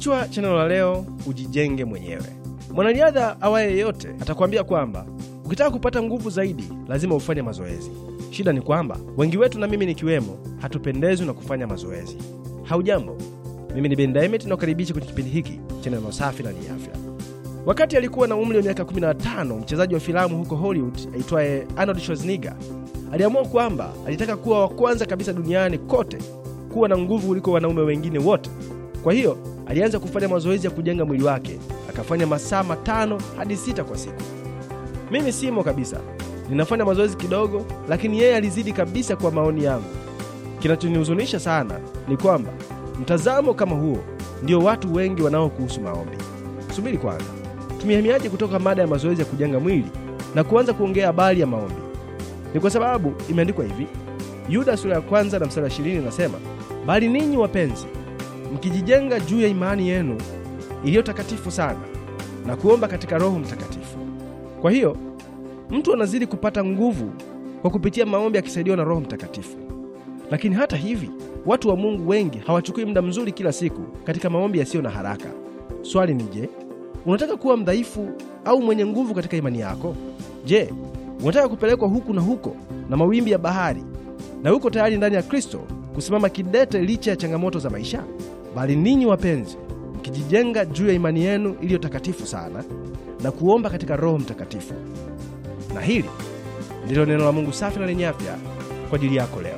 Kichwa cha neno la leo, ujijenge mwenyewe. Mwanariadha awaye yeyote atakwambia kwamba ukitaka kupata nguvu zaidi lazima ufanye mazoezi. Shida ni kwamba wengi wetu, na mimi nikiwemo, hatupendezwi na kufanya mazoezi. Haujambo, mimi ni Ben Daimet na kwenye kipindi hiki cha neno safi na ni afya. Wakati alikuwa na umri wa miaka 15, mchezaji wa filamu huko Hollywood aitwaye Arnold Schwarzenegger aliamua kwamba alitaka kuwa wa kwanza kabisa duniani kote kuwa na nguvu kuliko wanaume wengine wote. Kwa hiyo alianza kufanya mazoezi ya kujenga mwili wake, akafanya masaa matano hadi sita kwa siku. Mimi simo kabisa, ninafanya mazoezi kidogo, lakini yeye alizidi kabisa kwa maoni yangu. Kinachonihuzunisha sana ni kwamba mtazamo kama huo ndio watu wengi wanao kuhusu maombi. Subiri kwanza, tumehamiaje kutoka mada ya mazoezi ya kujenga mwili na kuanza kuongea habari ya maombi? Ni kwa sababu imeandikwa hivi, Yuda sura ya kwanza na mstari wa ishirini inasema, bali ninyi wapenzi mkijijenga juu ya imani yenu iliyo takatifu sana na kuomba katika Roho Mtakatifu. Kwa hiyo mtu anazidi kupata nguvu kwa kupitia maombi akisaidiwa na Roho Mtakatifu. Lakini hata hivi, watu wa Mungu wengi hawachukui muda mzuri kila siku katika maombi yasiyo na haraka. Swali ni je, unataka kuwa mdhaifu au mwenye nguvu katika imani yako? Je, unataka kupelekwa huku na huko na mawimbi ya bahari na uko tayari ndani ya Kristo kusimama kidete licha ya changamoto za maisha? Bali ninyi wapenzi, mkijijenga juu ya imani yenu iliyo takatifu sana na kuomba katika Roho Mtakatifu. Na hili ndilo neno la Mungu safi na lenye afya kwa ajili yako leo.